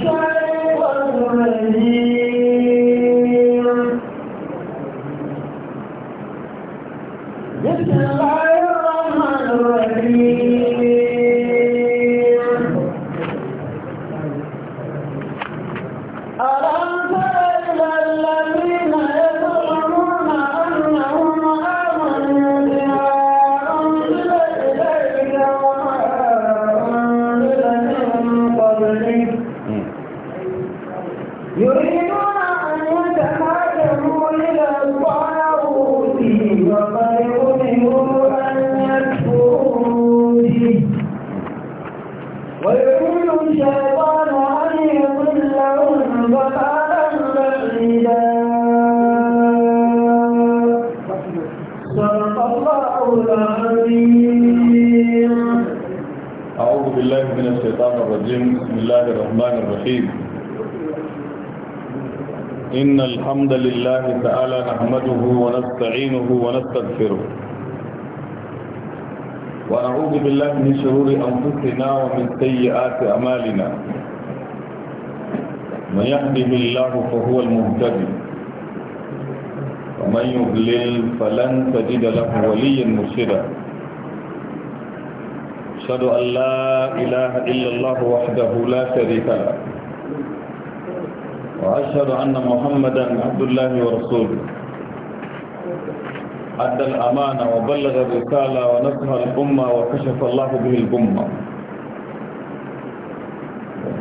ṣe wọ́n rẹ̀ ní. يهده الله فهو المهتدي ومن يضلل فلن تجد له وليا مرشدا أشهد أن لا إله إلا الله وحده لا شريك له وأشهد أن محمدا عبد الله ورسوله أدى الأمانة وبلغ الرسالة ونصح الأمة وكشف الله به الأمة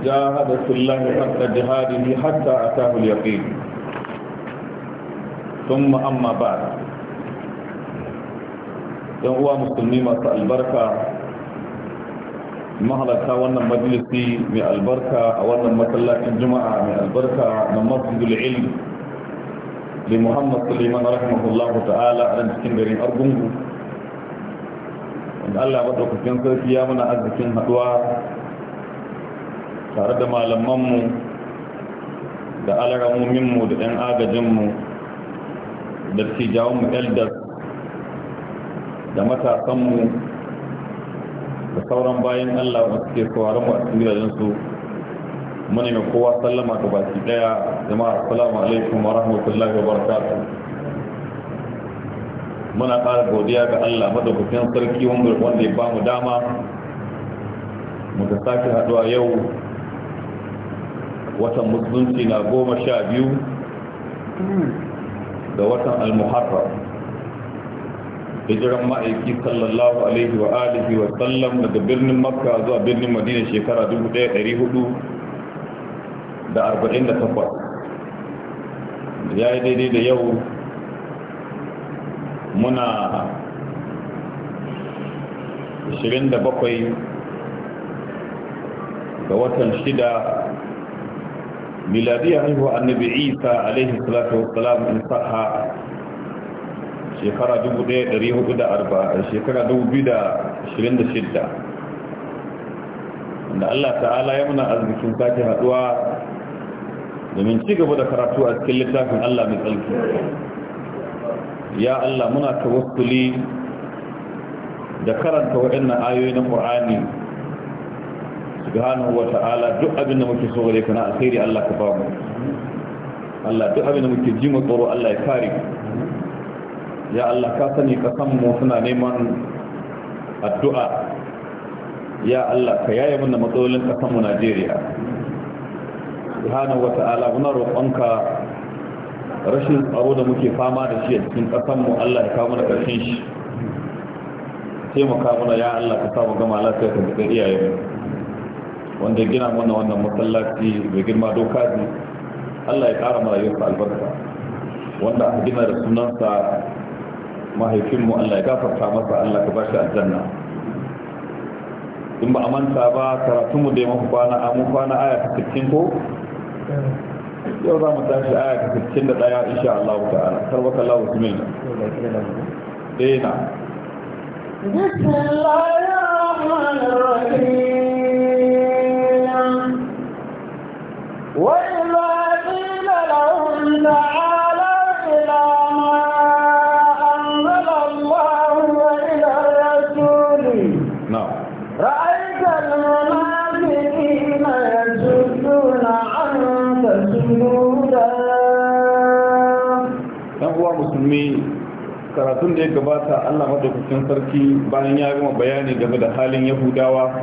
جاهد في الله حق جهاده حتى أتاه اليقين ثم أما بعد yan uwa musulmi masu albarka mahalarta wannan majalisi mai albarka a wannan masallacin juma'a mai albarka na masjidul ilm da muhammad suleiman rahimahullahu ta'ala a cikin garin argungu wanda allah maɗaukakin sarki ya mana arzikin haɗuwa tare da malamanmu da alaramominmu da 'yan agajinmu da tijawanmu elders da matasanmu da sauran bayan allah wasu ke sauranmu a cikin gidajensu muna mai kowa sallama ga baki daya jama'a assalamu alaikum wa rahmatullahi wa barakatuh muna ƙara godiya ga allah madaukakin sarki wanda ya ba mu dama muka sake haɗuwa yau watan musulunci na goma sha biyu da watan almuharram hijiran ma'aiki sallallahu alaihi wa alihi wa sallam daga birnin makka zuwa birnin madina shekara 1448 ya yi daidai da yau muna 27 ga watan shida. miladiya haihuwa annabi isa alaihi salatu wassalam in saha shekara 1440 shekara 2026 wanda Allah ta'ala ya muna arzikin sake haduwa domin ci gaba da karatu a cikin littafin Allah mai tsarki ya Allah muna tawassuli da karanta waɗannan ayoyi na Qur'ani subhanahu wa ta'ala duk abin da muke so gare ka na alkhairi Allah ka bamu. Allah duk abin muke ji mu tsoro Allah ya kare ya Allah ka sani ka san mu suna neman addu'a ya Allah ka yaye mana matsalolin kasan mu Najeriya subhanahu wa ta'ala muna roƙonka rashin tsaro da muke fama da shi a cikin ƙasanmu Allah ya kawo mana ƙarshen shi taimaka mana ya Allah ka samu gama lafiya ka da iyayenmu wanda gina mana wannan masallaci mai girma doka ne Allah ya ƙara marayunsa albarka wanda aka gina da sunansa mahaifinmu Allah ya gafarta masa Allah ka bashi aljanna in ba a manta ba karatunmu da ya mafi kwana a mun kwana aya ta cikin ko yau za mu tashi aya ta 61 insha Allah ta'ala tarbaka Allah wa bismillah dena karatun da ya gabata allah madaukakin sarki bayan ya gama bayani game da halin yahudawa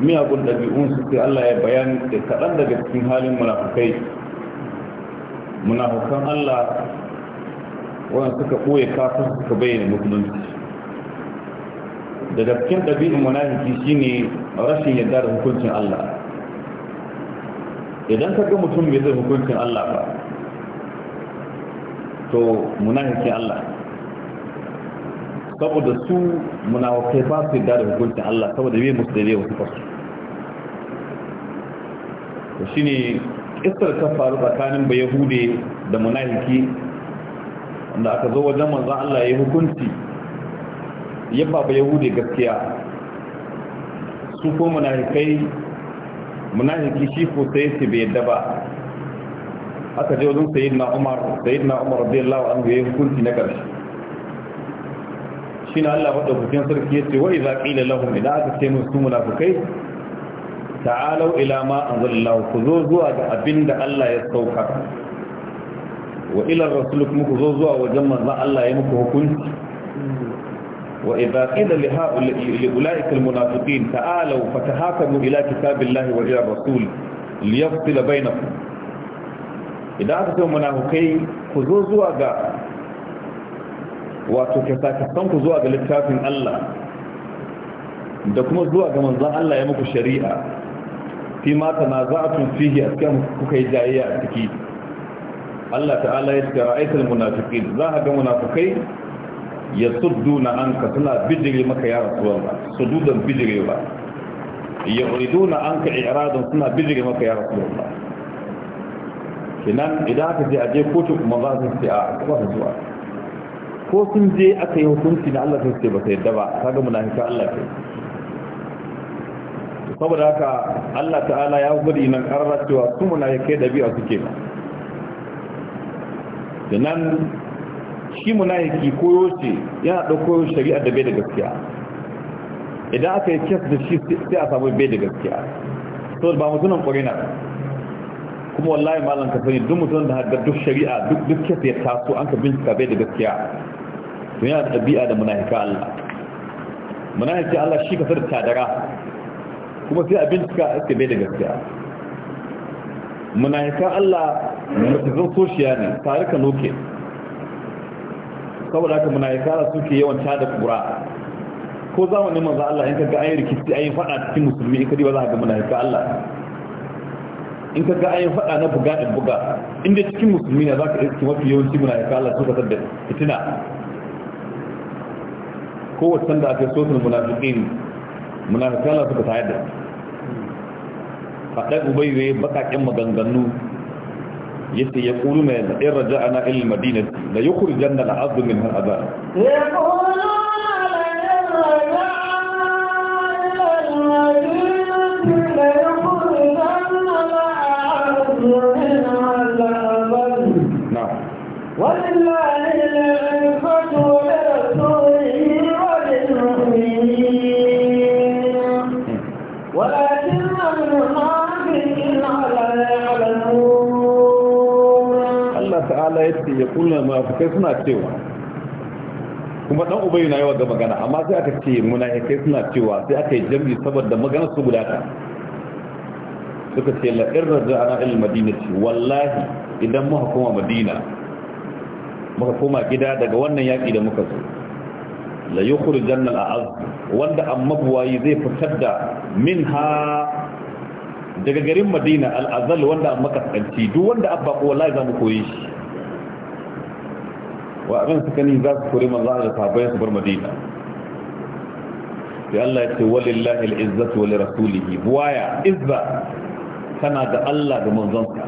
miyagun su sai allah ya bayani da kaɗan daga cikin halin munafukai munafukan allah wanda suka ɓoye kafin suka bayyana musulunci daga cikin ɗabi'in munafiki shine rashin yarda da hukuncin allah idan ka ga mutum bai zai hukuncin allah ba to munafiki Allah saboda su munafikai ba su da hukuncin Allah saboda bai musu da wasu kasu to shine kisar ta faru tsakanin ba yahude da munafiki wanda aka zo wajen manzon Allah ya hukunci ya ba ba yahude gaskiya su ko munafikai munafiki shi ko sai su bai yadda ba aka je wajen sayyidina umar sayyidina umar radiyallahu anhu yayin hukunci na karshe na Allah madaukakin sarki yace wa idza qila lahum idan aka ce musu munafikai ta'alau ila ma anzalallahu ku zo zuwa ga abinda Allah ya sauka wa ila rasul kuma ku zo zuwa wajen manzon Allah ya muku hukunci wa idza qila li ha'ula'i ulaika almunafiqin ta'alau fatahakamu ila kitabillahi wa ila rasul liyafsil bainakum idan aka ce munafukai ku zo zuwa ga wato kyasakasan ku zuwa ga littafin Allah da kuma zuwa ga manzan Allah ya muku shari'a fi mata na za a tunfihi a cikin kuka yi jayayya a ciki Allah ta'ala ya shiga ra'aitar munafikin za a ga munafukai ya suddu na an ka suna bijire maka ya rasuwar ba su dudan bijire ba ya uridu na an ka iradun suna bijire maka ya rasuwar ba kinan idan aka je a je kotu kuma za su ce a kuma su zuwa ko sun je aka yi hukunci na Allah sun ce ba sai da ba kaga munafika Allah ce saboda haka Allah ta'ala ya gudu nan karara cewa su munafikai biya suke ba kinan shi munafiki koyo ce yana dauko shari'a da bai da gaskiya idan aka yi kes da shi sai a samu bai da gaskiya to ba mutunan kwarina na kuma wallahi malam ka sani duk mutum da haka duk shari'a duk duk ya taso an ka bincika bai da gaskiya to yana da ɗabi'a da munafika Allah munafiki Allah shi ka sarta tadara kuma sai a bincika aka bai da gaskiya munafika Allah mutazan soshiya ne tare ka loke saboda haka munafika Allah suke yawan tada kura ko zamanin manzo Allah in ka ga ayi rikici ayi fada cikin musulmi in ka ba za ka ga munafika Allah in ka ga ayin faɗa na buga in buga inda cikin musulmi na za ka iske mafi yawanci muna ya kala su kasar da fitina kowace da aka yi sosin munafiƙin munafiƙala suka tayar da haɗar ubaiwe baƙaƙen maganganu ya ce ya ƙuru mai ɗin raja ana ilil madina da ya kuri janna na azumin har azara kuna munafikai suna cewa kuma dan ubayi na yawa ga magana amma sai aka ce kai suna cewa sai aka yi jami'i saboda magana su guda ta suka ce la irra za'ana il ci wallahi idan muka koma madina muka koma gida daga wannan yaki da muka zo la yukhrijan al a'az wanda amma buwayi zai fitar da minha daga garin madina al'azal wanda an makaskanci duk wanda abba ko wallahi za mu koyi shi wa abin suka ni za su kuri manzo da sahabbai su bar madina sai Allah ya ce walillahi al-izzatu wa lirasulihi buwaya izza kana da Allah da manzonsa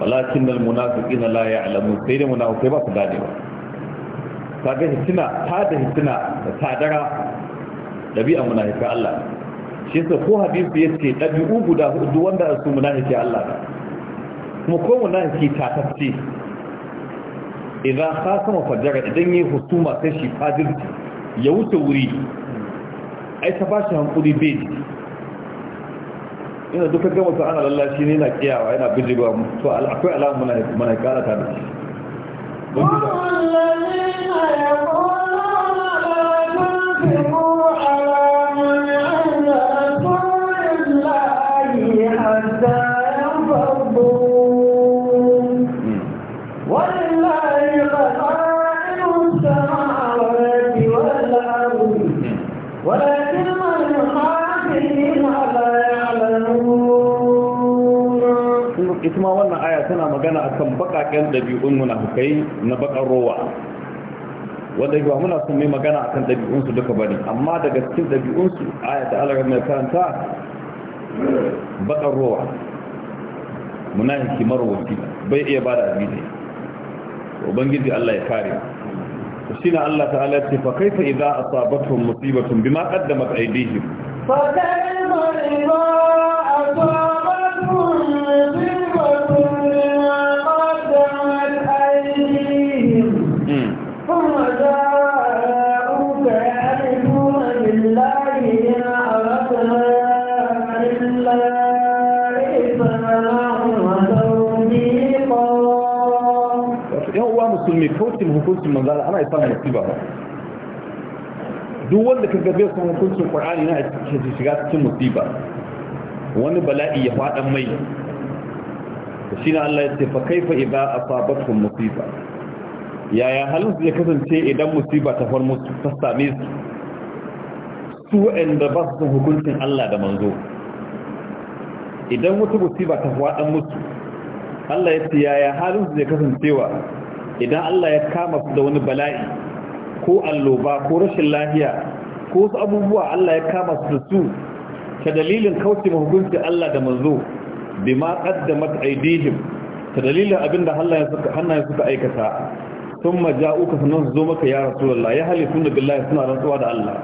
walakin al-munafiqina la ya'lamu sai da munafiqai ba su dade ba kaga hitina ta da hitina da tadara dabi'a munafika Allah shi sai ko hadisi yace dabi'u guda hudu wanda su munafiki Allah kuma ko munafiki ta tafsi idan ka sama fajjara idan yi husuma sai shi fadirci ya wuce wuri ai ta ba shi hankuli bai ji ina duka gama ta ana lallashi ne na kiyawa yana bijigowa to akwai alamun mana kala ta da shi والذين يقولون magana akan bakaken ɗabi'un munafukai na bakar rowa wanda ba muna son mai magana akan ɗabi'unsu duka bane amma daga cikin ɗabi'unsu aya da Allah mai karanta bakar rowa munafiki marwaci bai iya bada abinci ubangiji Allah ya kare shi na Allah ta'ala ya ce fa kaifa idza asabatuhum musibatun bima qaddamat aydihim fa kaifa idza hadisin manzala ana isa ba duk wanda ka gabe sun hukuncin qur'ani na shiga cikin musiba wani bala'i ya faɗan mai shi na Allah ya ce fa kaifa yaya halin su ya kasance idan ta far ta same su su wa'anda ba su hukuncin Allah da manzo idan wata musiba ta faɗan musu Allah ya ce yaya halin su ya kasancewa idan Allah ya kama su da wani bala'i ko alloba ko rashin lafiya ko wasu abubuwa Allah ya kama su da su ta dalilin kauce hukunci Allah da manzo bima qaddamat aydihim ta dalilin abinda Allah ya suka hannaye suka aikata thumma ja'uka sunan zo maka ya rasulullah ya halifuna billahi suna rantsuwa da Allah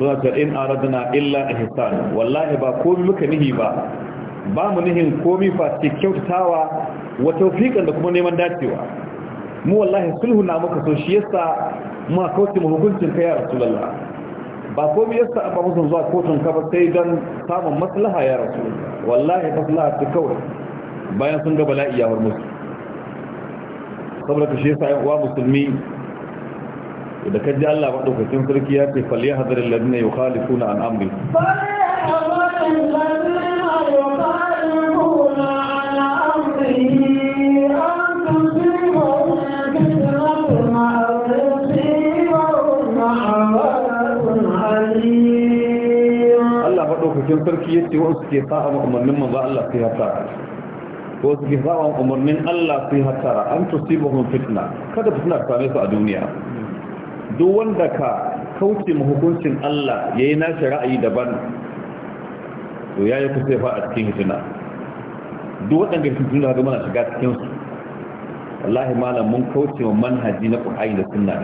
suna ta in aradna illa ihsan wallahi ba komai muka nihi ba ba mu nihin komi fa wa tawfiqan da kuma neman dacewa mu wallahi sulhu na muka so shi yasa mu kauce mu hukuncin kai ya rasulullah ba ko me yasa ba musu zuwa kotun ka ba sai dan samun maslaha ya rasulullah wallahi maslaha ta kawai bayan sun ga bala'i ya hormusu saboda shi yasa uwa musulmi da kaji Allah madaukakin sarki ya ce fal yahdhar alladhina yukhalifuna an amri fal yahdhar alladhina yukhalifuna madaukakin sarki yace wa suke sa'a ma umarnin manzo Allah sai hatta ko suke sa'a umarnin Allah sai hatta an tusibuhum fitna kada fitna ta same su a duniya duk wanda ka kauce mu hukuncin Allah yayi nashi ra'ayi daban to yayi kusa fa a cikin fitna duk waɗanda su tunda ga mana shiga cikin su wallahi malam mun kauce wa manhaji na Qur'ani da Sunna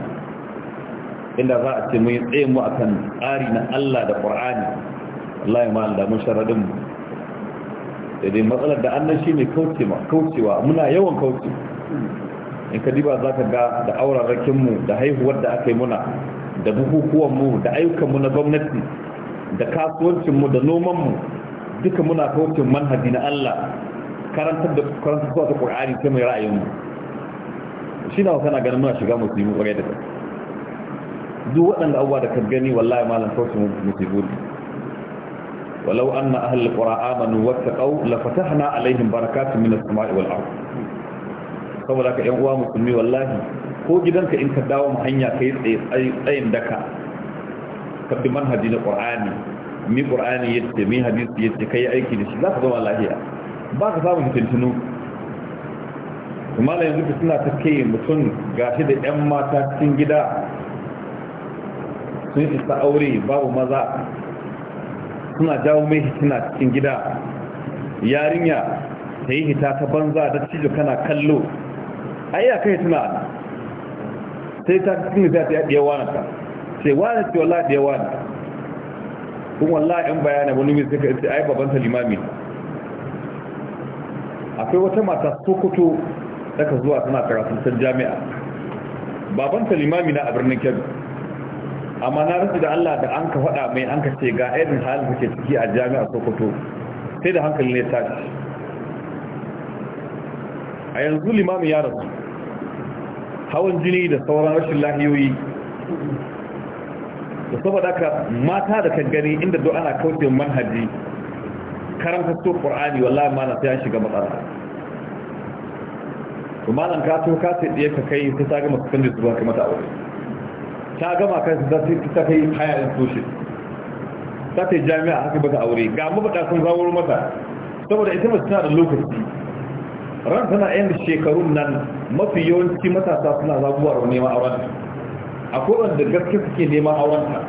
inda za a ce mun tsaye mu akan tsari na Allah da Qur'ani Allah ya ma'an mun sharaɗin mu da dai matsalar da annan shi ne kaucewa muna yawan kauce in ka diba za ka ga da aurarrakinmu da haihuwar da aka yi muna da bukukuwanmu da ayyukanmu na gwamnati da kasuwancinmu da nomanmu duka muna kaucin manhaji na Allah karantar da karantar da Qur'ani sai mai ra'ayinmu shi na wasana ganin muna shiga musulmi kwarai da duk waɗanda abubuwa da ka gani wallahi malam kaucin musulmi ولو أن أهل القرى آمنوا واتقوا لفتحنا عليهم بركات من السماء والأرض saboda ka ‘yan uwa musulmi wallahi ko gidanka in ka dawo mu hanya ka yi tsayin daka ka bi manhaji na ƙur'ani mi ƙur'ani ya ce mi hadisi ya ce ka yi aiki da shi za ka zama lahiya ba ka samun fitintinu kuma na yanzu ka suna ta ke mutum gashi da ‘yan mata cikin gida sun isa aure babu maza suna jawo mai hitina cikin gida yarinya ta yi hita ta banza da cijo kana kallo ai ya kai tuna sai ta cikin da ta yaɗe wani ta sai wani ce wala da yawa kun wala yan bayana wani mai suka sai, ai babanta limami akwai wata mata sokoto daga zuwa tana karatun jami'a babanta limami na a birnin kebbi amma na rufe da Allah da an ka faɗa mai an ka ce ga irin halin da ke ciki a jami'ar sokoto sai da hankali ne ci a yanzu limamin ya rasu hawan jini da sauran rashin lahiyoyi da saboda ka mata da kan gani inda do ana kauce manhaji karan su qur'ani wallahi ma na sai shiga matsala to malan ka to ka sai ka kai sai ta ga masu kanje su ba kai mata aure ta gama kansu za su ta kai haya in za ta yi jami'a haka ba ta aure ga mabata sun zawar mata saboda ita mace tana da lokaci ran tana yan shekarun nan mafi yawanci matasa suna zabuwa da neman auren a kowane da gaske suke neman auren ta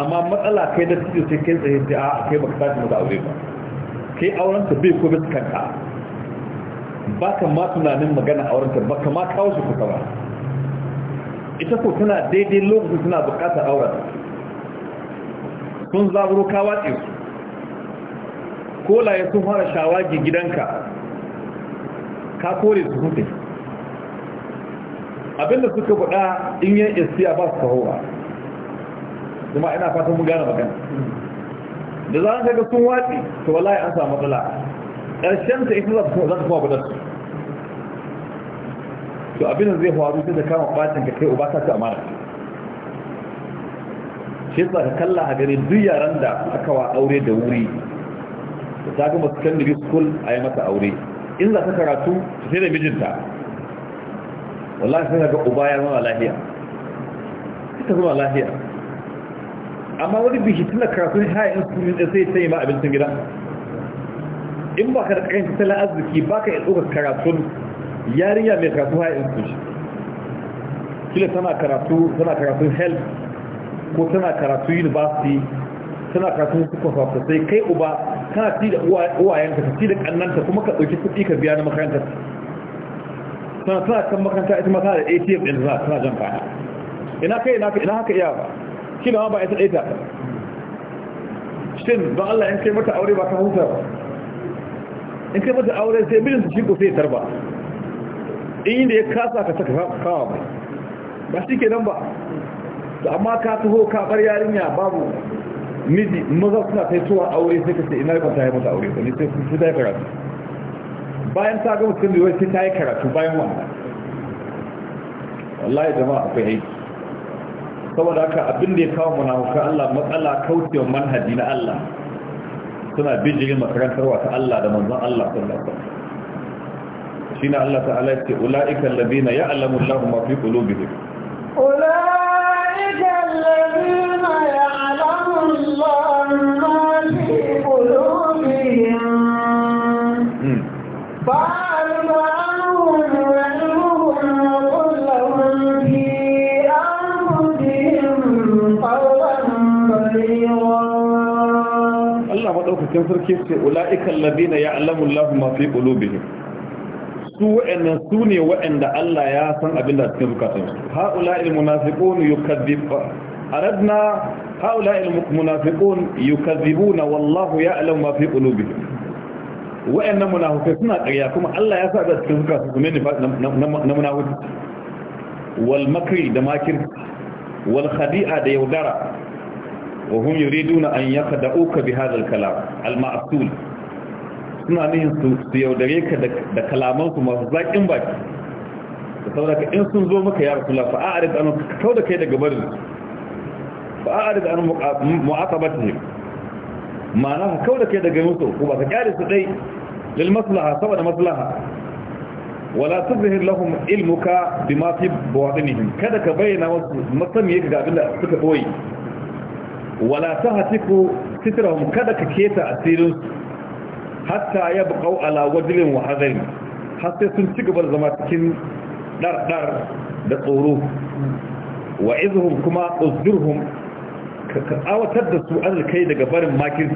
amma matsala kai da su sai kai tsaye da a kai baka tashi mata aure ba kai auren ta bai kuma kanka ba ka ma tunanin magana auren ta ba ka ma kawo shi kusa ba ita ko tana daidai lokacin suna bukatar aura sun zaburo kawa su laye sun fara shawagi gidanka ka kore su hudu abinda suka buɗa in yi istiya ba su kawowa zama ina fatan mu gane magana da za a ga sun watsi to wallahi an samu matsala ƙarshen ta ita za ta kuma buɗa to abin zai faru sai da kama bacin ka kai uba ta ta amana shi yasa ka kalla a gare duk yaran da aka wa aure da wuri da ta gama secondary school a yi mata aure in za ta karatu ta sai da mijinta wallahi sai ga uba ya zama lahiya? ita zama lahiya. amma wani bishi tana karatu ne ha in sun da sai ta yi ma abincin gida in ba ka da ƙarfin tattalin arziki ba ka iya tsokar karatun Yariya mai karatu high institution kila tana karatu tana karatu health ko tana karatu university tana karatu suka sosai kai uba kana ci da uwayenta ka ci da kannanta kuma ka ɗauki kuɗi ka biya na makaranta tana tana kan makaranta ita mata da atm ɗin za tana jan baya ina kai ina haka iya ba shi kila ma ba ita ɗaya ta shin don Allah in kai mata aure ba ka huta ba in kai mata aure sai mijinta shi ko sai tarba inda ya kasa ka saka kawa mai ba shi ke nan ba amma ka taho kaɓar yarinya babu miji maza suna a aure sai ka ce ina rikon ta yi mata aure ba ne sai ta yi karatu bayan ta gama cikin da sai ta yi karatu bayan wannan wallahi jama'a akwai haiti saboda haka abin da ya kawo mana hukar Allah matsala kaucewa manhaji na Allah suna bijirin makarantarwa ta Allah da manzan Allah sun lafafa shine Allah ta'ala ya ce ulaika alladhina ya'lamu Allahu ma fi qulubihim ulaika alladhina ya'lamu Allahu ma fi qulubihim Allah maɗaukakin sarki ce ula'ikan labina ya alamun lafi mafi ƙulubihim su wa'annan su ne wa'anda Allah ya san abin da cikin zukatansu ha'ula ilmunafiqun yukadhibu aradna ha'ula ilmunafiqun yukadhibuna wallahu ya'lamu ma fi qulubihim wa'annan munafiqai suna ƙarya kuma Allah ya sa da cikin zukatansu Su ne na munafiki wal makri da makir wal khadi'a da yaudara wa hum yuriduna an yakhda'uka bi hadha al kalam al ma'sul suna nihin su yaudare ka da kalamansu masu zaƙin baki da sauraka in sun zo maka ya rasu lafa a da anu kau da kai daga barin ba a da anu mu'aqabata ne ma'ana ka kau da kai daga musu ko ba ka kyari su dai lil maslaha saboda maslaha wala tuzhir lahum ilmuka bima fi bawadinihim kada ka bayyana wasu yake ga abin da suka boye wala tahtiku sitrahum kada ka keta asirin hatta ya buƙau ala wajilin wa har sai sun ci gaba da zama cikin ɗarɗar da tsoro wa izuhum kuma uzurhum ka tsawatar da su kai daga barin makin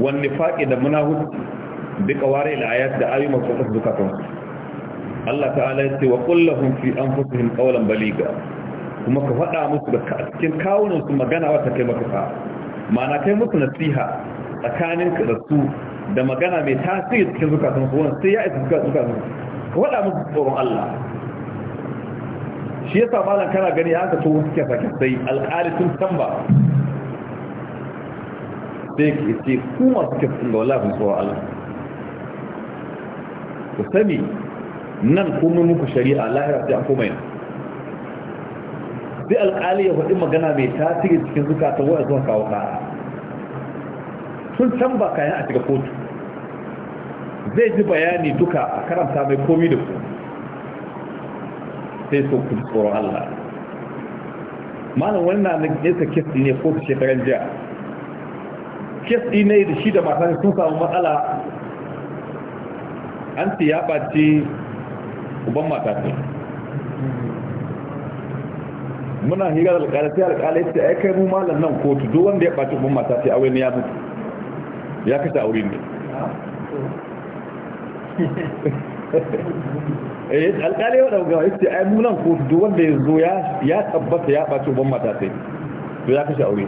wani faƙi da munahud duka ware ilayat da ayu masu ƙasa zukatansu Allah ta'ala ya ce wa kullahum fi anfusihim qawlan baliga kuma ka faɗa musu da cikin kawunan su magana wata kai maka fa ma'ana kai musu nasiha tsakaninka da su da magana mai tasiri cikin zukatan su sai ya isa zukatan su ka faɗa musu tsoron Allah shi yasa malam kana gani ya ka tuwo suke sake sai alƙali sun san ba sai ke ce kuma suke sun ga wallahi tsoron Allah ku sani nan kuma muku shari'a lahira sai an koma yana sai alƙali ya faɗi magana mai tasiri cikin zukatan wa'azuwa kawo ƙara Sun can ba kayan a cika kotu zai ji bayani duka a karanta mai komi da ku sai so ku tsoron Allah malam wani na nesa kes ne ko su shekaran jiya kes ne da shi da matan sun samu matsala an ya ɓace uban mata ne muna hira da alƙalai sai alƙalai sai aikai mu malam nan kotu duk wanda ya ɓace uban mata sai a wani ya mutu ya kasa aure ne eh alƙali wa dauga yace ai mu nan ko duk wanda ya zo ya ya tabbata ya bace uban mata sai to ya kashe aure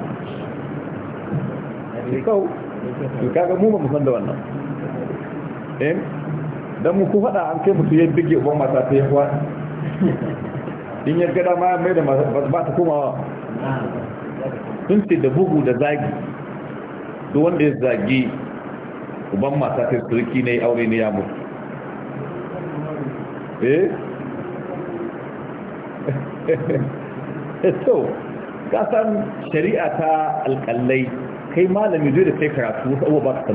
kau kaga mu ba mu san da wannan eh dan mu ku fada an kai mutu ya bige uban mata sai ya in ya gada ma mai da ba ta wa tun ce da bugu da zagi duk wanda ya zagi uban mata ta turki ne aure ne ya mutu eh to kasan shari'a ta alƙallai kai malami zai da kai karatu wasu abubuwa ba ka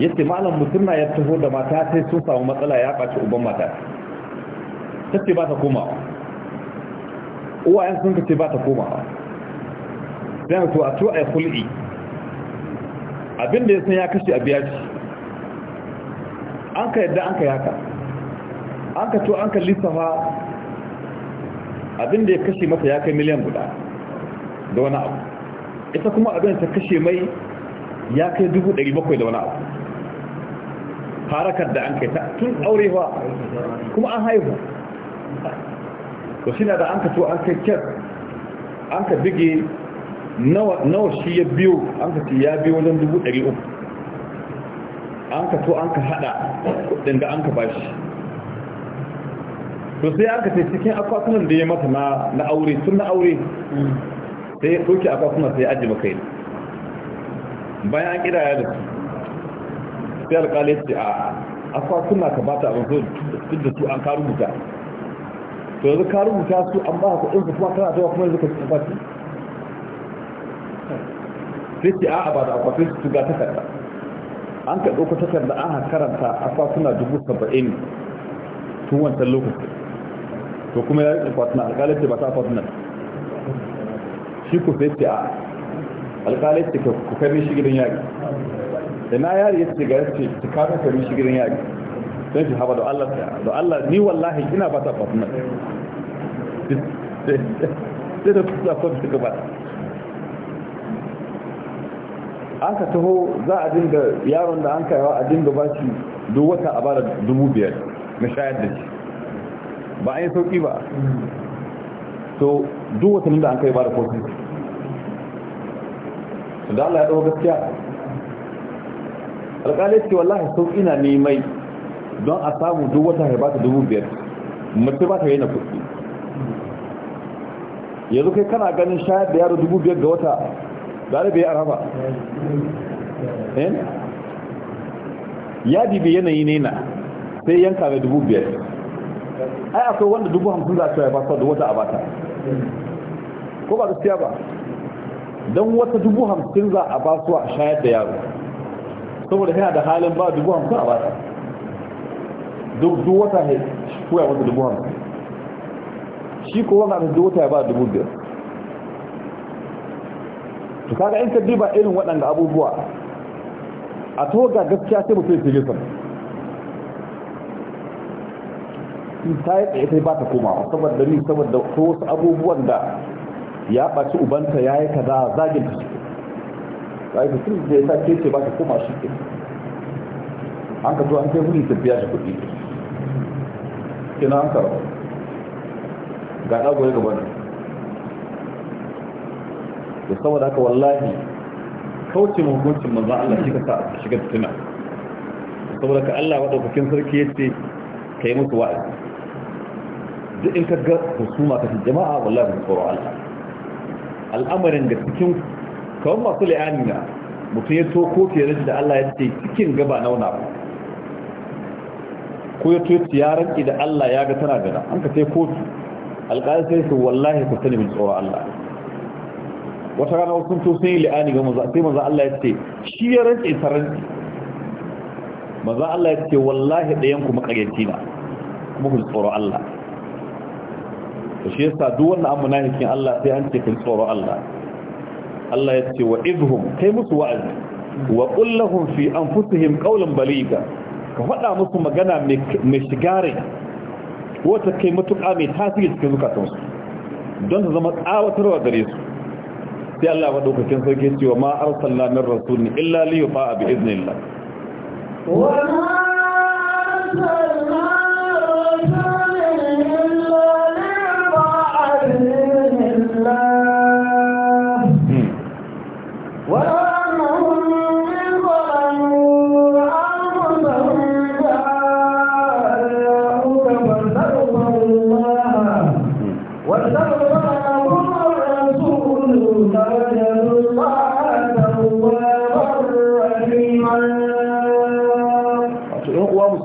Ya ce malam mutum na ya taho da mata sai sun samu matsala ya ɓaci uban mata ta ce ba ta komawa uwayen sun ka ce ba ta komawa bayan to a to a kul'i abinda ya san ya kashe a biya ci an ka yadda an ka yaka an ka to an ka lissafa abinda ya kashe masa ya kai miliyan guda da wani abu ita kuma abin ta kashe mai ya kai dubu ɗari bakwai da wani abu harakar da an kai ta tun aurewa kuma an haihu ko shi na da an ka to an kai kyar an ka bige nawa shi ya biyo an ka ya biyo wajen dubu ɗari uku an ka to an ka haɗa kuɗin da an ka ba shi to sai an ka ce cikin akwatunan da ya mata na aure tun na aure sai ya ɗauki akwatuna sai ya ajiye makai bayan an ƙidaya da su sai alƙalai ce a akwatuna ka ba ta abin so duk da su an ka rubuta to yanzu ka rubuta su an ba ka kuɗin su kuma kana zuwa kuma yanzu ka ci sai ce a'a ba da akwatin su ga takarda an ka ɗauka takarda an karanta akwatuna dubu saba'in tun wancan lokacin to kuma ya yi fasuna alƙalai ce ba ta fasuna shi ku sai ce a alƙalai ce ku kai shi gidan yaƙi ina yari ya ce ga ya ce ki kafin kai shi gidan yaƙi sai shi haba da Allah ta da Allah ni wallahi ina ba ta fasuna sai da kusa akwatuna ba an ka taho za a dinga yaron da an kaiwa a dinga ba shi duk wata a bara dubu biyar na shayar da shi ba an yi sauƙi ba to duk watannin da an kai bada kotu su da Allah ya ɗau gaskiya alƙalai ce wallahi sauƙi na nemai don a samu duk wata ya bata dubu biyar mutu ba ta yi na kuɗi yanzu kai kana ganin shayar da yaro dubu biyar ga wata larabe ya araba ya dibi yanayi ne na sai yanka da dubu biyar ai akwai wanda dubu hamsin za a cewa ya fasa da wata abata ko ba gaskiya ba don wata dubu hamsin za a basuwa a shayar da yaro saboda yana da halin ba dubu hamsin a bata duk duk ne ya koya wata dubu hamsin shi ko wanda duk wata ya ba dubu biyar to kaga in ka diba irin waɗanda abubuwa a to ga gaskiya sai mutum ya san in ta yi tsaye sai ba ta komawa saboda ni saboda ko wasu abubuwan da ya ɓaci ubanta ya yi kaza zagin ta zai yi sun da ya sa ke ce ba ta koma shi ke an ka zo an kai huli ta biya shi kuɗi kina an karo ga ɗago ya gaba to saboda haka wallahi kauce mu hukuncin manzon Allah shi ka sa a shiga fitina saboda ka Allah wa madaukakin sarki yace kai musu wa'azi duk in ka ga husuma ka jama'a wallahi tsoro Allah al'amarin da cikin kawon masu la'ani na mutum ya so ko fiye da Allah ya ce cikin gaba nauna ba ko ya to tiyaran da Allah ya ga tana gada an ka sai kotu alƙalin sai su wallahi ku sani min tsoro Allah wata rana wasu to sun yi li'ani ga maza sai maza Allah ya ce shi ya rantse ta maza Allah ya ce wallahi da ku makaryaci na kuma ku tsoro Allah ta shi yasa duk wannan amma hikin Allah sai an ce ku tsoro Allah Allah ya ce wa idhum kai musu wa'azi wa qul lahum fi anfusihim qawlan baliga ka faɗa musu magana mai shigare wata kai matuƙa mai tasiri cikin zukatansu don su zama tsawatarwa gare su sai Allah madaukakin sarki cewa ma arsalna min rasulin illa li yufa bi iznillah wa ma arsalna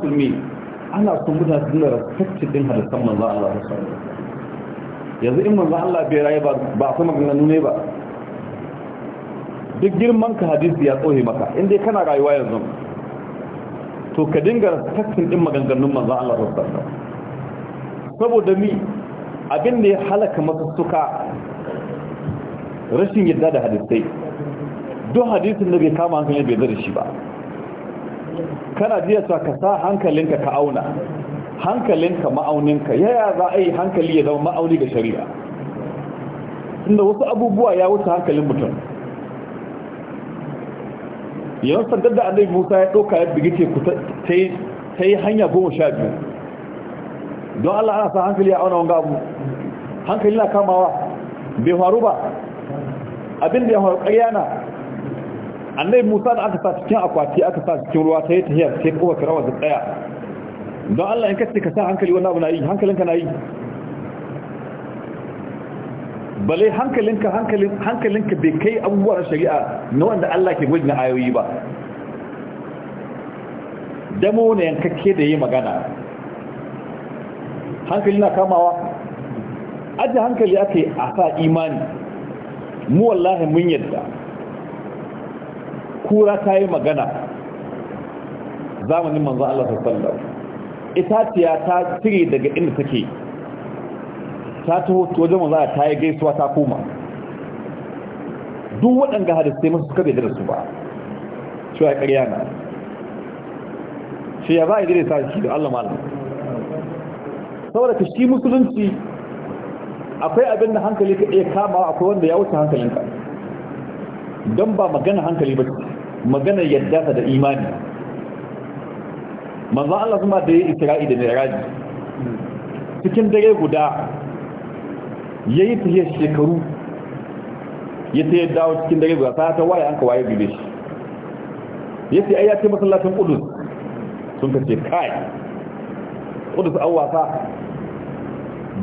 musulmi ana son mutane su dinga respect din hadisan manzo Allah sallallahu alaihi wasallam yanzu in manzo Allah bai rayu ba ba kuma maganganu ne ba duk girman ka hadisi ya tsohe maka inda dai kana rayuwa yanzu to ka dinga respectin din maganganun manzo Allah sallallahu alaihi wasallam saboda mi abin da ya halaka masussuka rashin yadda da hadisai duk hadisin da bai kama hankali bai zara shi ba kana jiya ta ka sa hankalinka ka auna hankalinka ma'auninka yaya za a yi hankali ya zama ma'auni ga shari'a inda wasu abubuwa ya wuce hankalin mutum yawan sandar da annabi musa ya ɗauka ya bigi teku ta yi hanya goma sha biyu don allah ana sa hankali ya auna wanga abu hankali na kamawa bai faru ba abin da ya faru ƙarya na annai musa da aka sa cikin akwati aka sa cikin ruwa ta yi ta hiyar sai kowace rawa da tsaya don allah in ka ce ka sa hankali wani abu na yi hankalinka na yi bale hankalinka hankalinka bai kai abubuwan shari'a na wanda allah ke gwajin ayoyi ba damo na yankakke da yi magana hankali na kamawa Ajiye hankali ake a sa imani mu wallahi mun yadda kura ta yi magana zamanin manzo Allah sallallahu itaciya ta cire daga inda take ta taho wajen manzo ta yi gaisuwa ta koma duk waɗanda hadisai masu suka bai da su ba shi ya ƙarya na shi ya ba a yi da shi da Allah malam saboda ka shi musulunci akwai abin da hankali ka iya kama akwai wanda ya wuce hankalinka don ba magana hankali ba ce magana yadda ta da imani manzan Allah kuma da ya isra'i da miraji cikin dare guda ya yi fiye shekaru ya ta yadda cikin dare guda ta ta waye an ka waye gube shi ya ce ai ya ce masallacin kudus sun ta ce kai kudus an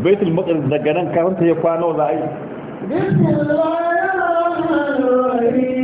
baitul maqdis daga nan kafin ta ya kwano za a yi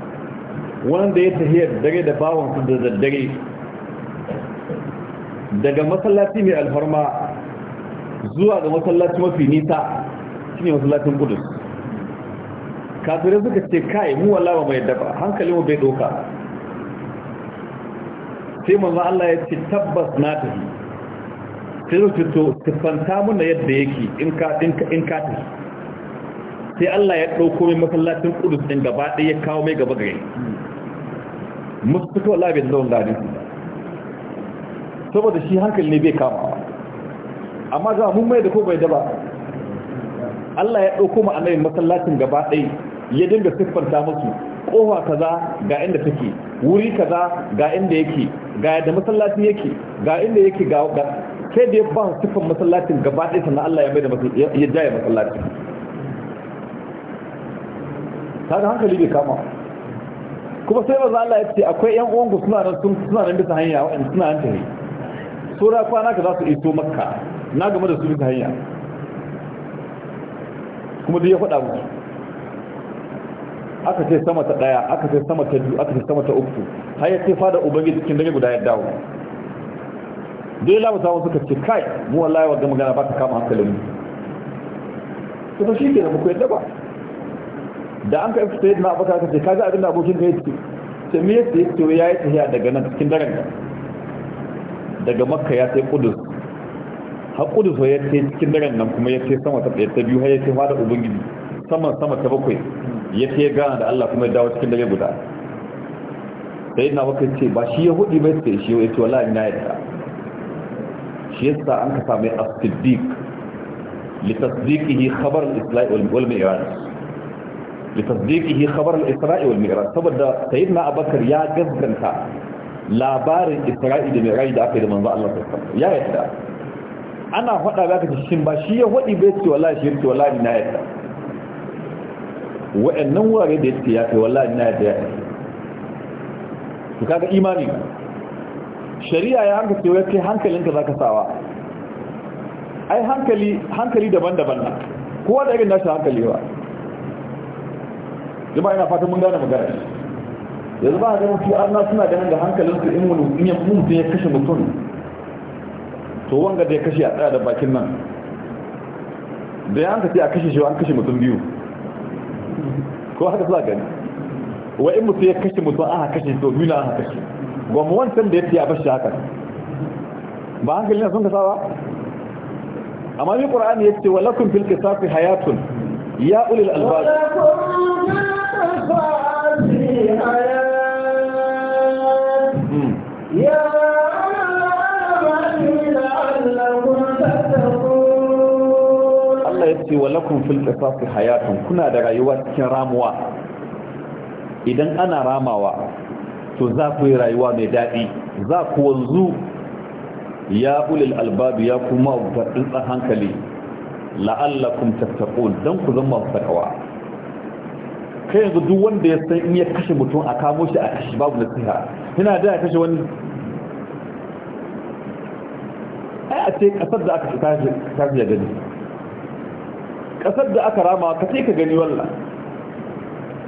wanda ya da dare da bawansu da daddare daga masallaci mai alfarma zuwa ga masallaci mafi nisa shi ne masallacin kudus kafirai suka ce kai mu wala ba mai daba hankali mu bai doka sai manzo Allah ya ce tabbas na tafi sai su to tafanta muna yadda yake in ka in ka tafi sai Allah ya ɗauko mai masallacin kudus ɗin gaba ɗaya ya kawo mai gaba gare musu fito bai zaun gani saboda shi hankali ne bai kama amma za mu mai da ko bai daba Allah ya ɗauko mu annabi masallacin gaba ɗaya ya dinga siffanta musu kowa kaza ga inda take wuri kaza ga inda yake ga yadda masallacin yake ga inda yake ga sai da ya ba siffan masallacin gaba ɗaya sannan Allah ya mai da ya jaya masallacin kaga hankali bai kama kuma sai maza Allah ya ce akwai ƴan uwan suna nan sun suna nan bisa hanya wa'in suna nan tare sura kwana ka za su iso makka na game da su bisa hanya kuma duk ya faɗa musu aka ce sama ta ɗaya aka ce sama ta biyu aka ce sama ta uku har ya ce fada ubangiji cikin dare guda ya dawo dai lamu wasu suka ce kai mu wallahi wa ga magana ba ta kama hankalin mu to shi ke da muku yadda ba da an ka yi fita na abokan kace ce ka ga abin da abokin ka yake ce me yake yake ya yi tsaya daga nan cikin daren ka daga makka ya sai kudus har kudus ya ce cikin daren nan kuma ya ce sama ta ta biyu har ya ce fada ubangiji sama sama ta bakwai ya ce gana da Allah kuma ya dawo cikin dare guda sai na baka ce ba shi ya hudi bai sai shi ya ce wallahi na yadda shi yasa an ka same as-siddiq li khabar al-islam wal mi'raj لتصديقه خبر الإسراء والمعراج سبدا سيدنا أبو بكر ya gaskanta labarin isra'i da mai da aka yi da manzo Allah sassan ya yadda ana faɗa ba ka cikin ba shi ya waɗi ba ce wallahi shi yake wallahi na yadda wa'annan wurare da yake ya kai wallahi na yadda ya yadda to kaga imani shari'a ya hanka cewa kai hankalinka zaka sawa ai hankali hankali daban-daban na kowa da irin nashi hankali ba jama'a ina fatan mun gane magana yanzu ba a ganin su arna suna ganin da hankalin su in wani in mutum ya kashe mutum to wanga da ya kashe a tsaya da bakin nan da ya hankaci a kashe shi an kashe mutum biyu ko haka suna gani wa in mutum ya kashe mutum aka kashe to biyu na aka kashe gwamma wancan da ya fiya bashi haka ba hankali na sun kasa ba amma ni qur'ani yace walakum fil qisasi hayatun ya ulil albab ce wa lakum fil qisasi hayatun kuna da rayuwa cikin ramuwa idan ana ramawa to za ku yi rayuwa mai daɗi za ku wanzu ya ulil albabi ya kuma babbar hankali la'allakum tattaqun dan ku zama takawa kai yanzu duk wanda ya san in ya kashe mutum a kamo shi a kashe babu nasiha yana da ya kashe wani ai a ce kasar da aka ta ya gani kasar da aka rama ka ce ka gani wallah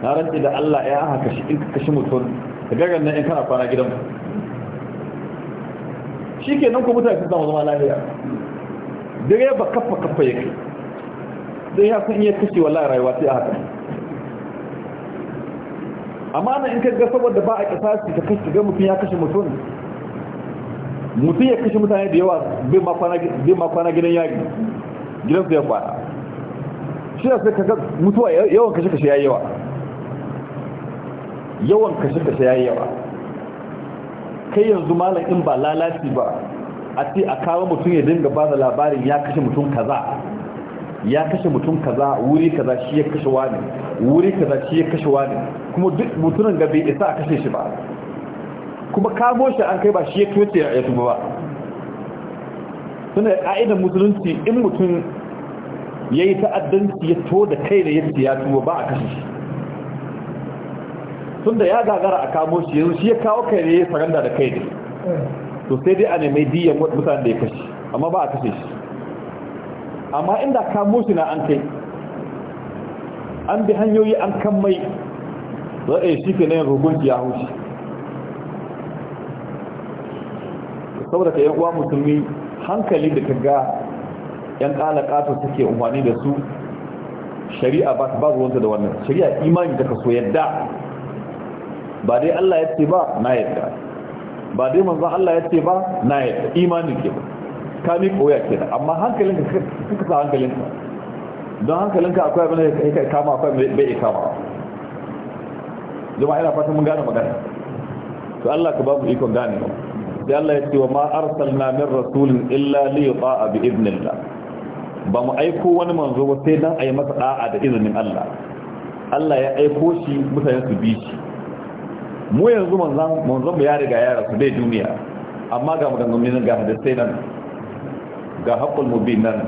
na rantsi da Allah ya aka kashe in ka kashe mutum ka gagar nan in kana kwana gidan shi ke nan ko mutane sun zama zama lahiya dare ba kafa kafa yake sai ya san iya kashe wallah rayuwa sai a haka amma in ka ga saboda ba a kisasi ka kashi ga mutum ya kashe mutum mutum ya kashe mutane da yawa bai ma kwana gidan yaki gidan su ya kwana shi da sai kaga mutuwa yawan kashe kashe ya yawa yawan kashe kashe ya yawa kai yanzu malam in ba lalaci ba a ce a kawo mutum ya dinga ba da labarin ya kashe mutum kaza ya kashe mutum kaza wuri kaza shi ya kashe wani wuri kaza shi ya kashe wani kuma duk mutumin ga isa a kashe shi ba kuma kamo shi an kai ba shi ya toce ya tuba ba suna da ƙa'idar musulunci in mutum ya yi ta'addanci ya to da kai da yadda ya tuba ba a kashe shi tun da ya gagara a kamo shi yanzu shi ya kawo kai ne ya saranda da kai ne to sai dai a nemi diyan mutane da ya kashe amma ba a kashe shi amma inda kamo shi na an kai an bi hanyoyi an kan mai za a yi shi ke na yin hukunci ya haushi saboda ka yan uwa musulmi hankali da ka ga yan kalakatu suke umarni da su shari'a ba ta bazu wanta da wannan shari'a imani ka so yadda ba dai Allah ya ce ba na yadda ba dai manzan Allah ya ce ba na yadda imani ke ba kami koya ke da amma hankalin ka suka sa hankalinka don hankalinka akwai abin da ya kama akwai bai kama jama'a ina fatan mun gane magana to Allah ka ba mu ikon gane ba sai Allah ya ce wa ma arsalna min rasulin illa li yuta'a bi idnillah ba mu aiko wani manzo ba sai dan ayi masa da'a da izinin Allah Allah ya aiko shi mutane su bi shi mu yanzu manzon manzon ya riga ya rasu dai duniya amma ga maganganun ga hadisai nan ga haqqul mubin nan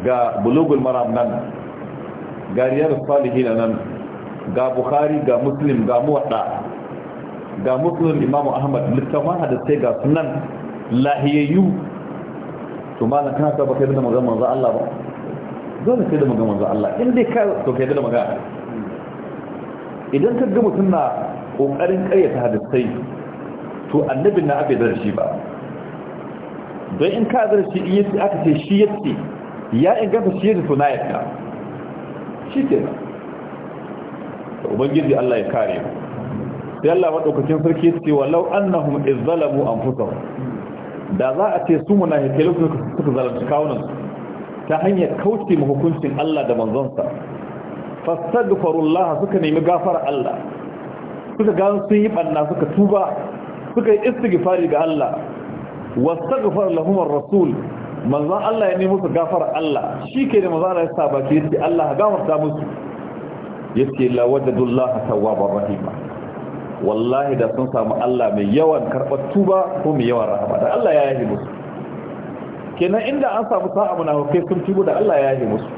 ga bulugul maram nan ga riyar salihin nan ga bukhari ga muslim ga muwadda ga muslim imamu ahmad littafin hadisai ga sunan lahiyayyu to ma na kana ta baka da magana manzo Allah ba dole sai da magana manzo Allah in dai ka to kai da magana idan ka ga mutum na kokarin kayyata hadisai to annabin na abai da shi ba don in ka zarci in aka ce shi yace ya inganta shi da suna yadda shi ke nan da ubangiji Allah ya kare mu sai Allah maɗaukacin sarki ya ce walau annahum izzalamu anfusahum da za a ce su munafikai lokacin suka zalunci kawunan ta hanyar kauce mu hukuncin Allah da manzonsa fastaghfirullah suka nemi gafar Allah suka gano sun yi banna suka tuba suka yi istighfari ga Allah wastaghfar lahum ar-rasul manzon Allah ya nemi gafara Allah shi ke da manzon Allah ya saba baki yace Allah gafarta musu yace la wajadullaha tawwabar rahima wallahi da sun samu Allah mai yawan karbar tuba ko mai yawan rahama da Allah ya yi musu kenan inda an samu sa'a munafikai sun tuba da Allah ya yi musu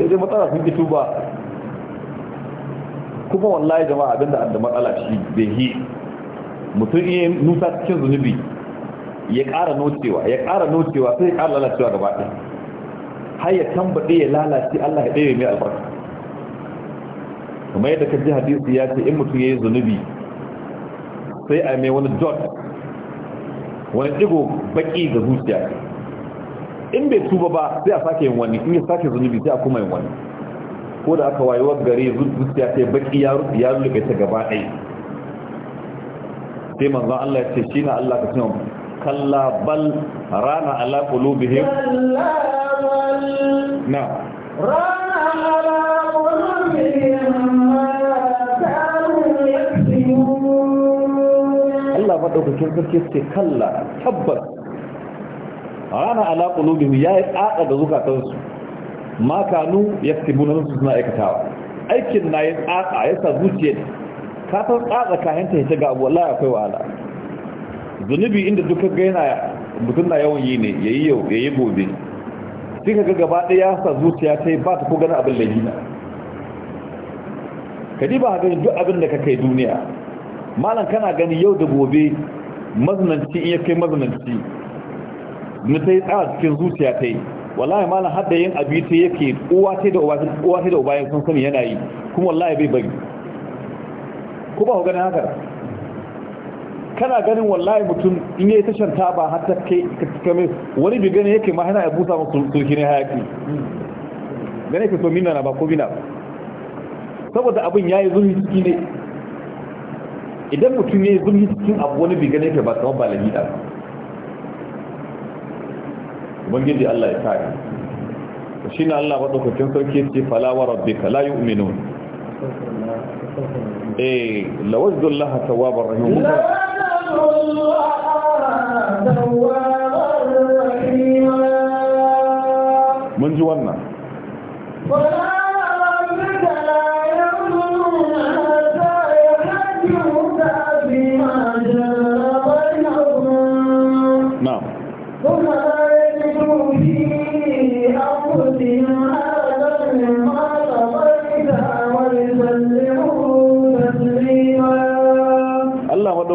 sai dai matsala sun ki tuba kuma wallahi jama'a abinda da matsala shi bai yi mutum iya nusa cikin zunubi ya ƙara nocewa ya ƙara nocewa sai ya ƙara lalacewa gaba ɗaya har ya tambaɗe ya lalace Allah ya ɗaya mai albarka kuma yadda ka ji hadisi ya ce in mutum ya yi zunubi sai a mai wani dot wani ɗigo baƙi ga zuciya in bai tuba ba sai a sake yin wani in ya sake zunubi sai a kuma yin wani ko da aka wayewar gari zuciya sai baƙi ya rufe ta gaba ɗaya sai manzan Allah ya ce shi na Allah ka ce kalla bal rana ala qulubihim na rana ala Allah maɗaukakin sarki ce kalla tabbas rana ala qulubihim ya yi tsada da zukatansu ma kanu yaktibuna su suna aikatawa aikin na ya tsada ya sa zuciya ka san tsada kayan ta ya ga abu wallahi akwai wahala zunubi inda duka gaina mutum na yawan yi ne ya yi yau ya yi gobe sai ka ga gaba ɗaya sa zuciya ta yi ba ta ko gani abin da na ka ba ka gani duk abin da ka kai duniya malam kana gani yau da gobe mazinanci in ya kai mazinanci mu ta yi tsara cikin zuciya ta yi wallahi malam har da yin ta yake uwa ta da uwa ta da uba sun sani yana yi kuma wallahi bai bari ko ba ku gani haka kana ganin wallahi mutum in yayi tashar ba har ta kai mai wani bi gane yake ma yana ya busa musu sulki ne hayaki gane ka so mina na ba ko bina saboda abin yayi zurfi ciki ne idan mutum yayi zurfi cikin abu wani bi gane yake ba kamar ba lahida ubangiji Allah ya kare shi ne Allah madaukakin sarki ya ce fala wa rabbika la yu'minun eh lawajjallaha tawwabar rahim mun ji wannan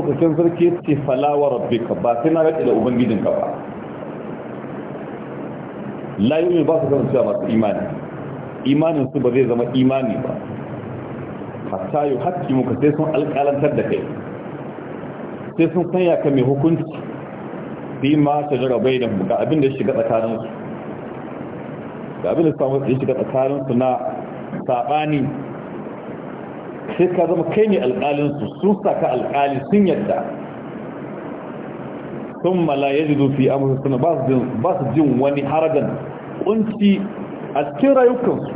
maɗaukakin sarki ce falawa rabbika ba sai na raɗi da ubangijinka ba layoyin ba su zama cewa masu imani imanin su ba zai zama imani ba hatta yi haƙƙi muka sai sun alƙalantar da kai sai sun sanya ka mai hukunci fi ma ta jira bai da ga abin da ya shiga tsakaninsu ga abin da ya shiga tsakaninsu na saɓani sai ka zama kai ne alƙalinsu sun saka alƙali sun yadda sun mala ya jido fi amurka suna ba su jin wani haragan kunci a cikin rayukansu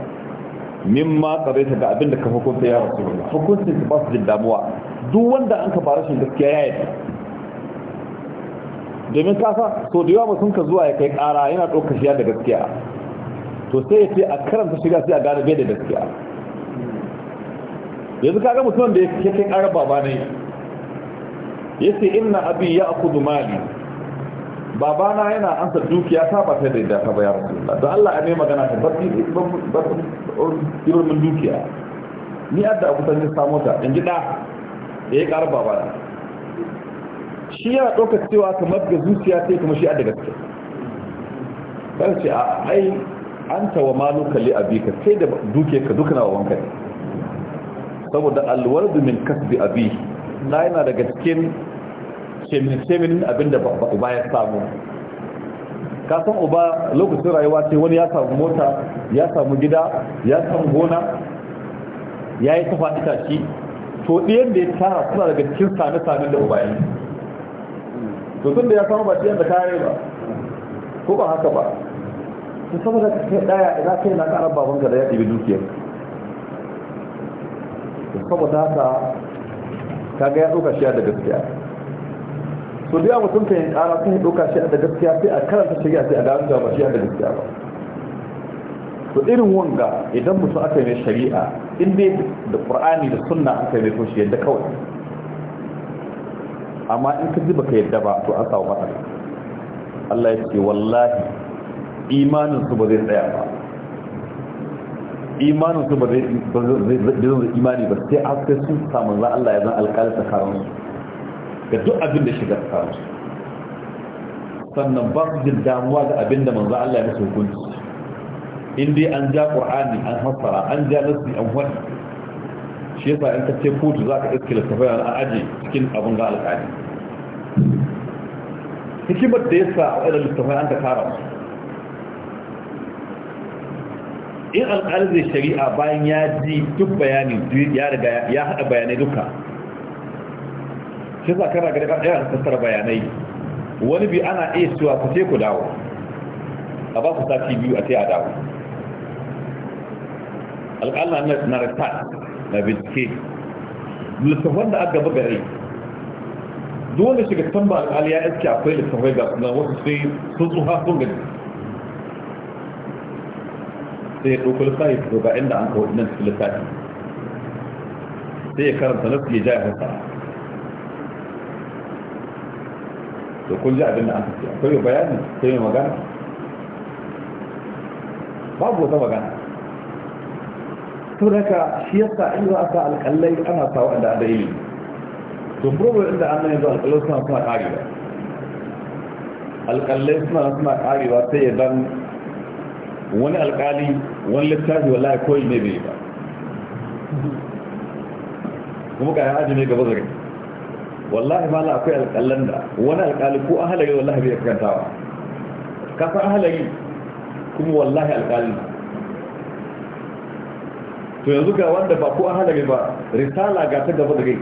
min ma tsare ta ga abin da ka hukunta ya rasu wani hukuncin su ba su jin damuwa duk wanda an ka ba rashin gaskiya ya yadda domin kasa so da yawa sun ka zuwa ya kai ƙara yana ɗaukashiya da gaskiya to sai ya ce a karanta shiga sai a gane bai da gaskiya yanzu kaga mutum da ya kai ƙara baba ne ya ce inna abi ya akudu mali babana yana ansa dukiya ta ba ta da ta bayar Allah don allah ne magana ta bar irin dukiya ni adda abu sanin samu ta in gida da ya baba babana shi yana ɗauka cewa ka ga zuciya sai kuma shi adda gaske kan ce a ai an tawa maluka li abika sai da ka duka na wanka ne saboda alwardu min kasbi abi na yana daga cikin sheminin abinda uba ya samu san uba lokacin rayuwa ce wani ya samu mota ya samu gida ya samu gona ya yi tafa shi to ɗiyan da ya tara suna daga cikin sami sami da uba yi to tun da ya samu ba ciyar da kare ba ko ba haka ba su saboda ka kai ɗaya ina yi na ƙarar babanka da ya ɗibi dukiyar saboda haka kaga ya ɗauka shi da gaskiya so da yawa sun kan ƙara sun ɗauka shi da gaskiya sai a karanta shari'a sai a gano ba shi da gaskiya ba to irin wanga idan mutum aka yi mai shari'a in dai da qur'ani da sunna aka yi mai shi yadda kawai amma in ka ji baka yadda ba to an samu matsala Allah ya ce wallahi imanin su ba zai tsaya ba imanin su ba zai zai imani ba sai an kai sun samun za Allah ya zan alƙali tsakarin su ga duk abin da shiga tsakarin su sannan ba su jin damuwa da abin da manzo Allah ya musu hukunci in dai an ja qur'ani an hasara an ja nasi an wani shi yasa in ka ce kotu za ka iske littafai an aje cikin abin ga alƙali hikimar da yasa a waɗanda littafai an ta tara su in alƙalin zai shari'a bayan ya ji duk bayanin ya riga ya haɗa bayanai duka shi za zakara ga daga ɗaya tattara bayanai wani bi ana iya cewa ku ku dawo a ba ku sati biyu a sai a dawo alƙalin na restart na bincike littafan da aka gaba gare dole shiga tamba alƙali ya iske akwai littafai ga wasu sai sun tsuha sun gani. sai ya ɗauko lissafi ko ga inda an kawo nan cikin lissafi sai ya karanta nasu ya jaya ya fassara da kun ji abin da an kace akwai bayani sai mai magana babu wata magana to daga shi yasa in za a sa alƙallai ana sa waɗanda a daili to problem inda an nan yanzu alƙallai suna suna ƙarewa alƙallai suna suna ƙarewa sai ya dan wani alkali wani littafi wala ya koyi ne bai ba kuma ga ya ajiye gaba zari wallahi ma la akwai alƙallan da wani alƙali ko an halari wallahi bai kantawa kafa an halari kuma wallahi alƙali to yanzu ga wanda ba ko an halari ba risala ga ta gaba da gai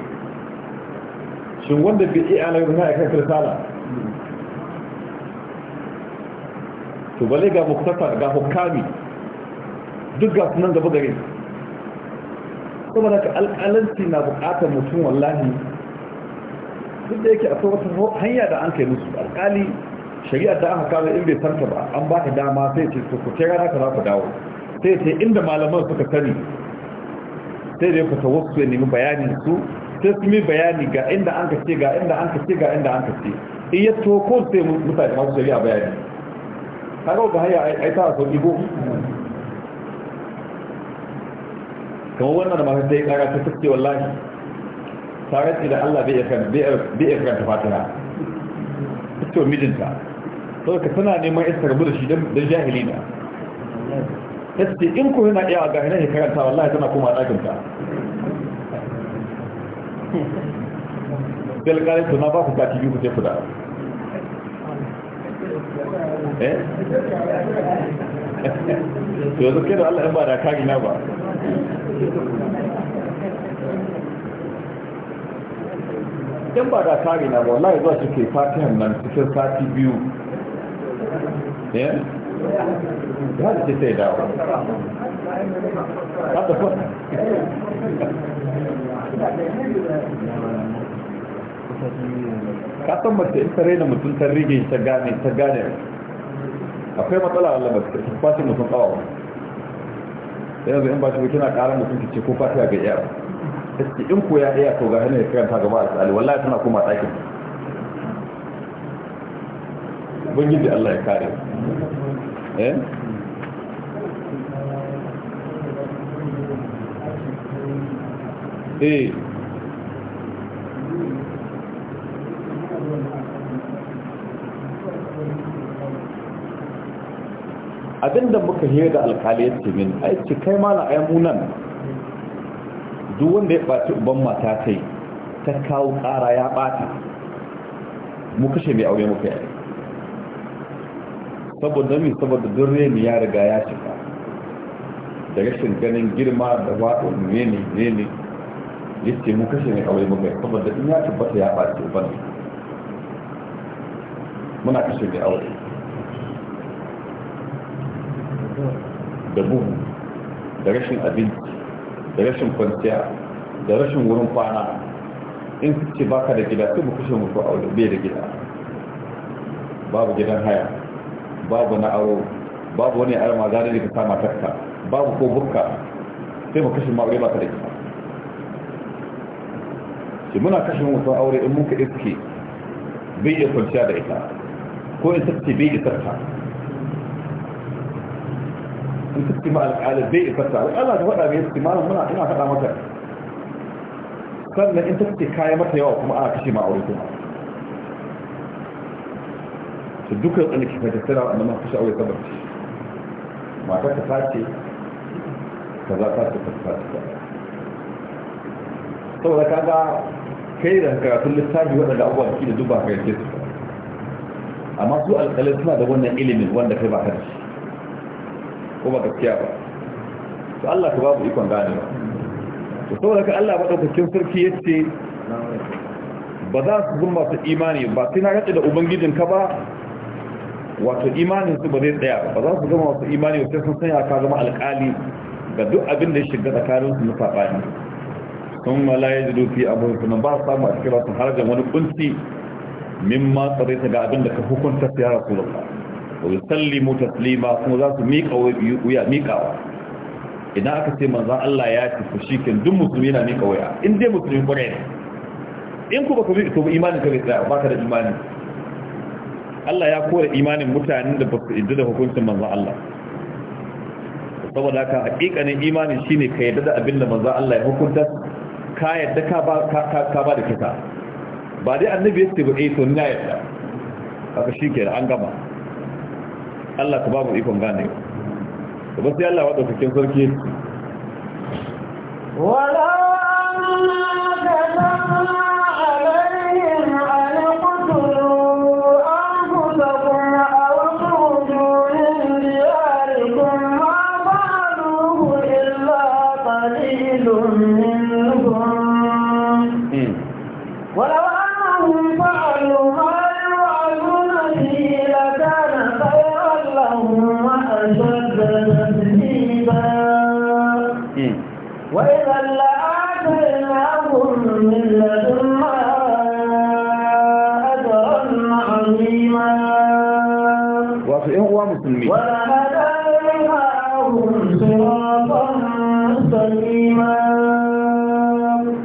shin wanda bai iya alƙalin ya kai risala to bale ga muktasa ga hukami duk ga sunan gaba gare kuma da alƙalanci na buƙatar mutum wallahi duk da yake akwai wata hanya da an kai musu alƙali shari'a ta aka kawo in bai santa ba an ba ka dama sai ce ku ce rana ka za ku dawo sai ce inda malaman suka sani sai dai ku ta wasu ya nemi bayani su sai su mi bayani ga inda an ka ce ga inda an ka ce ga inda an ka ce in to ko sai mutane masu shari'a bayani هروب هي عتاق يبو كو وانا ما هدي قاعد تفكي والله صارت الى الله بيفهم بيفهم تفاتنا تو ميدنتا تو كنا نيما استر برشي دم الجاهلين تفتي انكم هنا يا غاهنا هي كانت والله كما كما داكنتا قال قال تنابا فتاتي يوتي فدار eh to yanzu kai da Allah in ba da kagi na ba in ba da kari na ba wallahi zuwa fatihan nan cikin sati biyu eh ya da ce sai dawo haka kuma ka san mace in ta raina mutum ta rige ta gane ta gane akwai matsala Allah da ta kwashe mutum tsawa yanzu in ba shi kina ƙara mutum ki ce ko fatiha ga iya take in ko ya iya to ga hannun ya karanta gaba a tsali wallahi tana koma ɗakin ubangiji Allah ya kare eh, eh. abinda muka hira da alkali ya ce min aiki ce kai mala ayyamu nan duk wanda ya ɓaci uban mata kai ta kawo ƙara ya ɓata mu kashe mai aure muka yi saboda mi saboda don reni ya riga ya cika da rashin ganin girma da wato ne ne ya ce mu kashe mai aure muka yare saboda in ya tabbata ya ɓaci uban muna kashe mai aure da buhu da rashin abinci da rashin kwanciya da rashin wurin kwana in ce baka da gida sai mu kashe mutu a wajen bai da gida babu gidan haya babu na aro babu wani yar ma zane ka sama takka babu ko bukka sai mu kashe ma baka da gida shi muna kashe mutu aure in muka iske bai da kwanciya da ita ko in sarki bai da sarka الاستمال على ان فتاة الله جواب أبي استمال منا إنا تقامتها فلن انت تكاية متى يوقف معاك كشي ما أريدون تذكر أنك طيب، كيف تسرع أنما تشعر أولي تبرك ما كانت تفاتي كذا kuma gaskiya ba to Allah ka babu ikon ba to saboda ka Allah madaukakin sarki yace ba za su zama masu imani ba sai na rantsa da ubangijin ka ba wato imanin su ba zai tsaya ba za su zama masu imani ba sun sanya ka zama alƙali ga duk abin da ya shiga tsakanin su na sabani sun ma la a fi abun ba su samu a cikin rasu har da wani kunci mimma tsare ta ga abin da ka hukunta ya rasulullah wa yusallimu taslima kuma za su miƙa wuya miƙawa idan aka ce manzon Allah ya ce su shikin duk musulmi yana miƙa wuya in dai musulmi kwarai ne in ku baka miƙa to imanin ka bai ba ka da imani Allah ya kore imanin mutanen da basu idda da hukuncin manzon Allah saboda haka hakikanin imanin shine ka yadda da abin da manzon Allah ya hukunta ka yadda ka ba ka ba da kita ba dai annabi ya ce ba eh to ni na yadda haka ke an gama Allah ka babu ikon gane ba sai Allah wadda cikin sarki wala an وإذا لآتيناهم من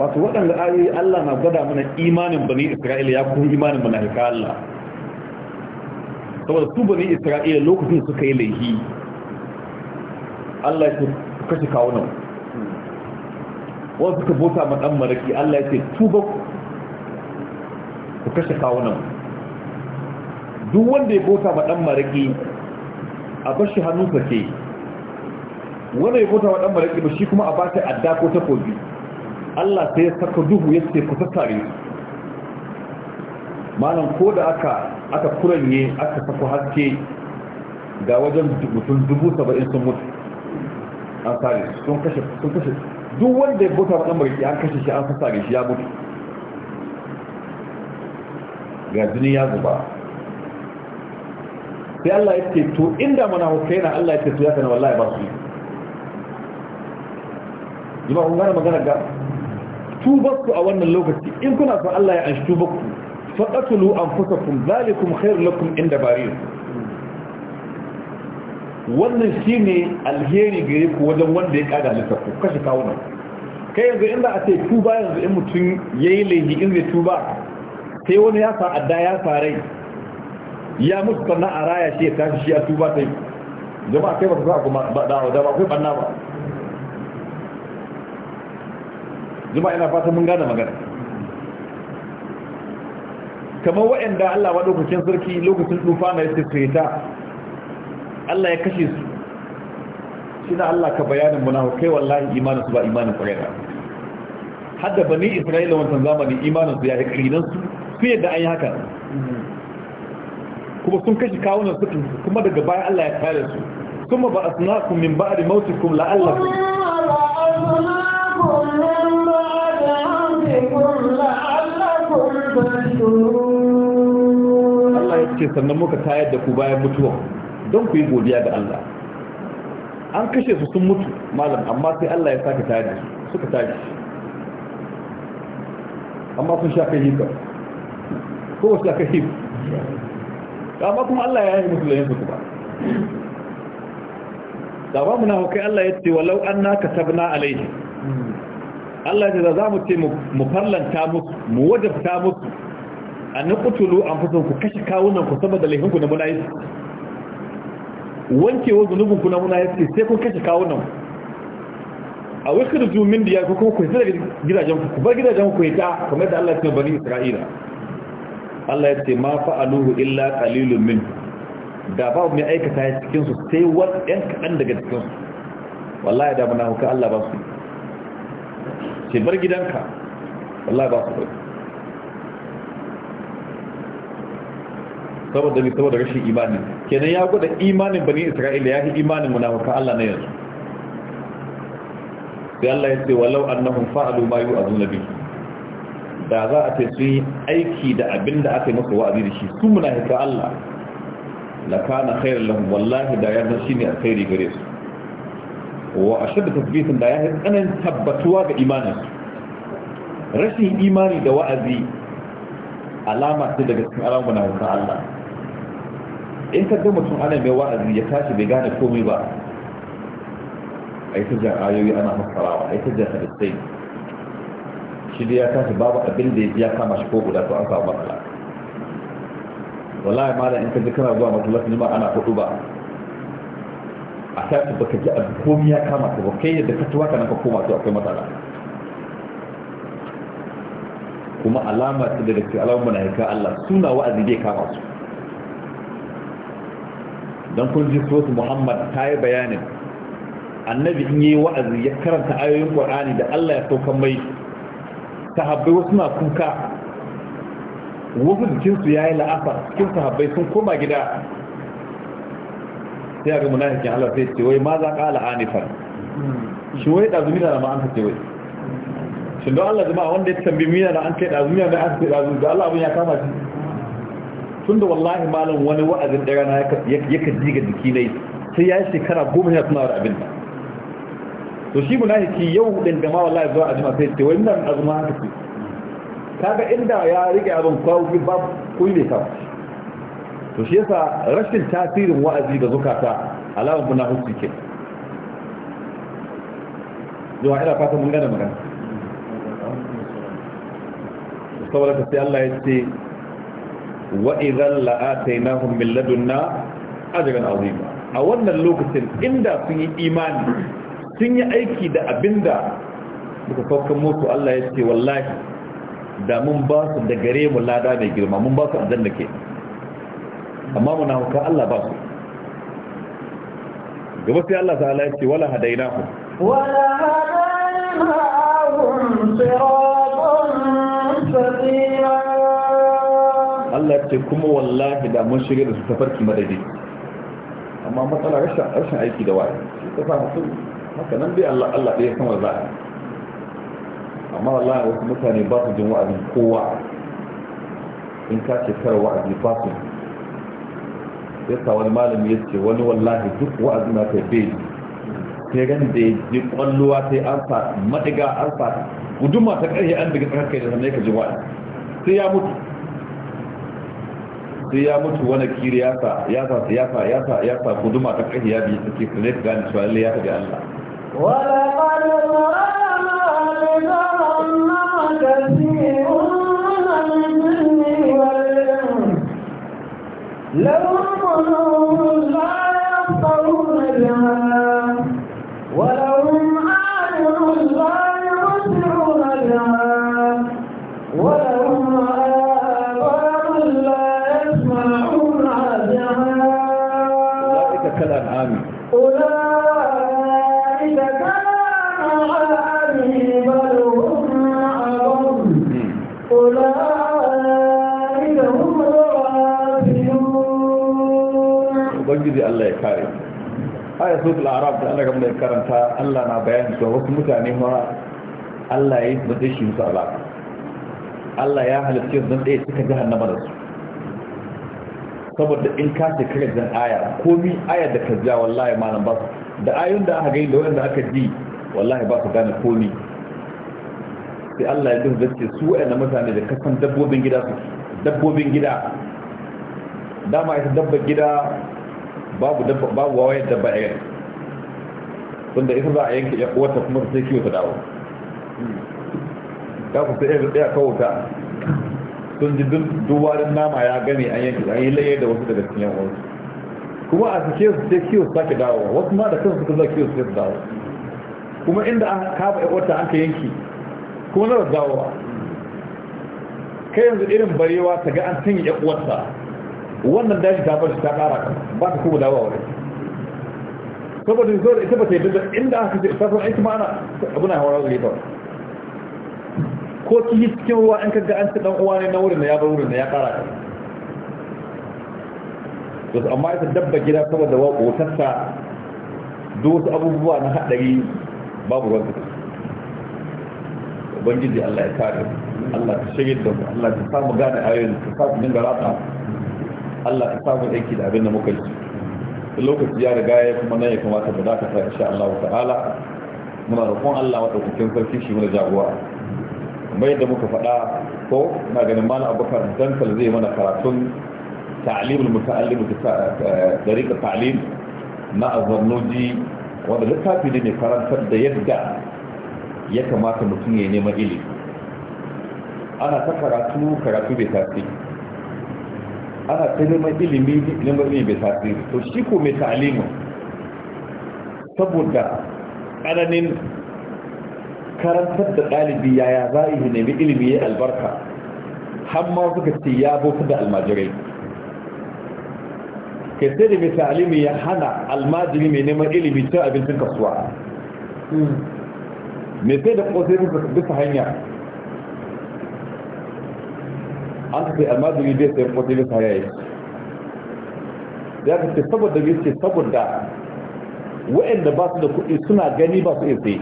wato waɗanda ayoyi Allah na gwada mana imanin bani Isra'ila ya kuma imanin manahika Allah saboda su bani isra'ila lokacin suka yi laihi allah ya kashe kawo wasu suka bota ma dan maraki Allah ya ce tuba ku ku kashe kawunan duk wanda ya bota ma dan maraki a shi hannu sake wanda ya bota ma dan maraki ba shi kuma a ba shi adda ko takobi Allah sai ya saka duhu ya ce ku tattare su malam ko da aka aka kuranye aka sako haske ga wajen mutum dubu saba'in sun mutu an sare sun kashe sun kashe duk wanda ya bota wannan mariki an kashe shi an fasa da shi ya mutu ga jini ya zuba sai Allah ya ce to inda mana hukai na Allah ya ce to ya kana wallahi ba su yi jima kun gane magana ga tubarku a wannan lokaci in kuna son Allah ya anshi tubarku fusa kun zalikun khairu lakum inda bariyakum wannan shi ne alheri gare ku wajen wanda ya kada littafi kashe kawo nan kai yanzu inda a ce tuba yanzu in mutum ya yi laifi in zai tuba sai wani ya sa adda ya farai ya mutu sannan a raya shi ya tashi shi a tuba ta yi jama'a kai ba su sa kuma ba da ba kai banna ba jama'a ina fata mun gane magana kamar wa'anda Allah lokacin sarki lokacin tufa na yake ta Allah ya kashe su shi na Allah ka bayanin kai, wallahi imanin su ba imanin kwarai ba hadda bani Isra'ila wancan zamani imanin su ya yi karinan su sun yadda an yi haka kuma sun kashe kawunan su kuma daga baya Allah ya kare su kuma ba a suna asnakum min ba a ba'di mautikum la'allakum Allah ya ce sannan muka tayar da ku bayan mutuwa don ku yi godiya ga Allah an kashe su sun mutu malam amma sai Allah ya sake tare suka tashi amma sun sha kai hikar ko wasu aka hikar amma kuma Allah ya yi musu layin su ba da ba mu na hukai Allah ya ce walau an na ka tabna alaihi Allah ya za mu ce mu fallanta musu mu wajabta musu an na kutulu an fusun ku kashe kawunan ku saboda laifinku na yi. wa zunubin ku na muna ya sai kun kashe kawo nan a da zumin da ya ku kuma ku daga gidajen ku bar gidajen ku ta kamar da Allah ya ce bani Isra'ila Allah ya ce ma fa'aluhu illa qalilun min da babu mai aikata ya cikin su sai wani 'yan kaɗan daga cikin su wallahi da muna hukar Allah ba su ce bar gidanka wallahi ba su bai saboda bi saboda rashin imani kenan ya gwada imanin bani isra'ila ya fi imanin munafukan Allah na yanzu sai Allah ya ce walau annahum fa'alu ma yu'azuna nabi da za a ce sun yi aiki da abin da aka yi masa wa'azi da shi sun munafukan Allah la kana khairan lahum wallahi da ya zan shine alkhairi gare su wa ashadda tasbihin da ya yi tsanan tabbatuwa ga imanin rashin imani da wa'azi alama ce daga cikin alamun na Allah in ka ga mutum ana mai wa'azi ya tashi bai gane komai ba a yi ta jan ayoyi ana masarawa a yi ta jan hadisai shi da ya tashi babu abin da ya kama shi ko guda to an samu matsala wallahi malam in ka ji kana zuwa masallacin juma'a ana hudu ba a tashi baka ji abu komai ya kama ka ba kai yadda ka tuwa ka na ka koma to akwai matsala kuma alama ta daga cikin alamun haika Allah suna wa'azi bai kama su don kun ji sosu muhammad ta yi bayanin annabi in yi wa'azi ya karanta ayoyin ƙwar'ani da allah ya saukan mai sahabbai wasu na kuka wasu jikinsu ya yi la'afa cikin sahabbai sun koma gida sai a ga munafikin allah sai ce wai ma za ka ala anifar shi wai ɗazumi na ma an ka ce wai shi don allah jama'a wanda ya tambi mina da an kai ɗazumi na an ka da ɗazumi da allah abin ya kama shi tunda wallahi malam wani wa'azin na ya ka diga jiki yi. sai ya yi shekara goma ya tuna da abin da to shi munafiki yau din da ma wallahi zuwa azuma sai ce nan azuma haka ce ga inda ya rike abin kwawo ba kuyi ne ka to shi yasa rashin tasirin wa'azi da zukata alamun hutu ke zuwa ina fata mun gane magana saboda ka sai Allah ya ce wa idan la'atainahum min ladunna ajran azima a wannan lokacin inda sun yi imani sun yi aiki da abinda muka saukan musu Allah ya ce wallahi da mun ba su da gare mu lada mai girma mun ba su aljanna ke amma muna hukar Allah ba su gaba sai Allah ta'ala ya ce wala hadaina hadainahu wala hadainahu siratan sadiq Allah ce kuma wallahi da mun shirya da su tafarki madadi amma matsala rashin aiki da waye shi ta fara su haka nan dai Allah Allah ɗaya san wa amma wallahi wasu mutane ba su jin wa'azin kowa in ka ce kar wa'azi ba su sa wani malami ya ce wani wallahi duk wa'azi na kai bai sai ran da ya ji kwalluwa sai an fa madiga an guduma ta ƙarfi an daga tsakar kai da sanai ka ji wa'azi sai ya mutu sai ya mutu wani kiri ya sa ya sa ya sa ya sa ya sa guduma ta kai ya biyu take sai ka gane cewa lalle ya tabi Allah wala qad marama li jahannama kathirun la ayar suratul arab da Allah gamda karanta Allah na bayani cewa wasu mutane ma Allah ya yi da shi su ala Allah ya halitta su dan ɗaya suka jahannama da su saboda in ka ce kare zan aya komi aya da ka ja wallahi malam ba su da ayun da aka gani da wanda aka ji wallahi ba su gane komi sai Allah ya duhu zace su wa'anda mutane da kasan dabbobin gida su dabbobin gida dama ita dabba gida babu dabba babu wayar dabba a tunda ita za a yanke ya kuma sai kiwo ta dawo ya ku sai ya tsaya kawuta sun ji duwarin nama ya gani an yanke an yi laye da wasu daga cikin yan uwansu kuma a cikin su sai kiwo sake dawo wasu ma da kansu suka kiwo sai dawo kuma inda an kafa ya uwata an ka yanke kuma na dawo kai yanzu irin barewa ta ga an tanyi ya uwarsa wannan dashi ta bar shi ta kara ba ta kuma dawowa wani saboda zuwa ita ba ta yadda inda aka ce ta san aiki ana, abu na hawa ba. ko ki yi cikin ruwa in kaga an ci dan uwa ne na wurin da ya bar wurin da ya kara ka to amma ita dabba gida saboda wa kotarta duk wasu abubuwa na hadari babu ruwan Ban ubangiji Allah ya kare Allah ya shirye da Allah ya samu gane ayoyin ka samu dinga rata Allah ya samu aiki da abin da muka yi lokaci ya riga ya kuma nan ya kamata mu za ka sa insha Allah ta'ala muna roƙon Allah madaukakin sarki shi mana jagora kamar yadda muka faɗa ko na ganin malam abubakar zai mana karatun ta'alimul muta'allim eh, tariqa ta'lim na azarnoji wanda littafi ne mai karantar da yadda ya kamata mutum ya neman ilimi ana ta karatu karatu bai tasiri ana ta neman ilimi neman ilimi mai tasiri to shi ko mai ta'alimu saboda ƙananin karantar da ɗalibi yaya za a yi nemi ilimi ya albarka har ma suka ce ya bauta da almajirai kai sai da mai ta'alimu ya hana almajiri mai neman ilimi cin abincin kasuwa mai sai da ƙosai bisa hanya an ka kai almajiri bai sayan kwata bai kaya yi ya ka ce saboda bai ce saboda wa'anda ba su da kuɗi suna gani ba su iya sai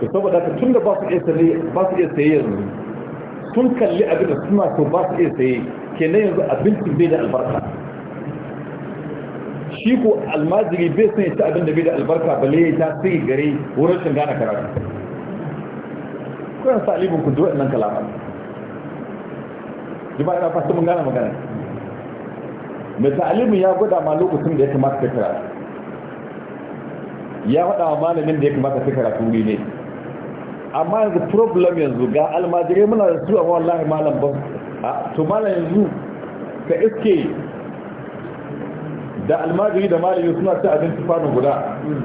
to saboda ka tun da ba su iya sai yanzu tun kalli abin da suna so ba su iya ke na yanzu abincin bai da albarka shi ko almajiri bai san ya abin da bai da albarka bale ya ta sai gare wurin shiga gane karatu kuna salibin ku duwa nan kalama ba ina fata mun gane magana mai ta'alimin ya gwada ma lokacin da ya kamata ka karatu ya faɗa wa malamin da ya kamata ka karatu wuri ne amma yanzu problem yanzu ga almajirai muna da su a wallahi malam ba to malam yanzu ka iske da almajiri da malami suna ta abinci fano guda hmm.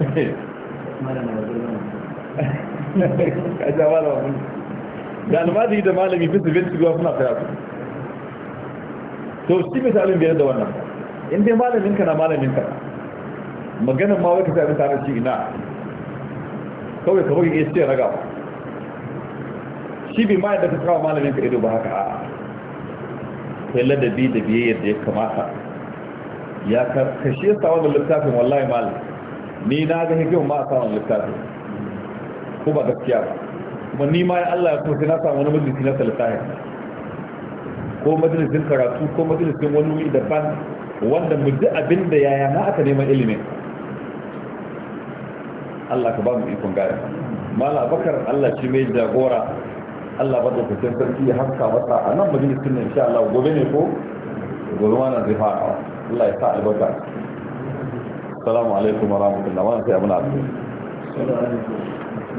a sha malama mun da almajiri da malami bisu bisu ruwa suna karatu to shi misalin biyar da wannan in dai malamin na malaminka. ka maganin ma wai ka sami tare shi ina kawai ka bugin iya raga shi bi ma yadda ka kawo malamin ido ba haka a kai ladabi da biyayyar da ya kamata ya kashe sa wannan littafin wallahi malam ni na ga hikimin ma a sa wannan littafin ko ba gaskiya ba kuma ni ma Allah ya so sai na samu wani majalisi na salatahi ko majalisin karatu ko majalisin wani wuri daban wanda mu ji abin da yaya na aka neman ilimin Allah ka ba mu ikon gaya mala bakar Allah shi mai jagora Allah ba da fitin sarki ya haska masa a nan majalisin ne insha Allah gobe ne ko gobe ma na zai fara Allah ya sa albarka assalamu alaikum wa rahmatullahi wa barakatuh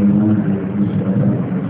ẹ̀wọ̀n ẹ̀wọ̀n ìṣọ̀rọ̀.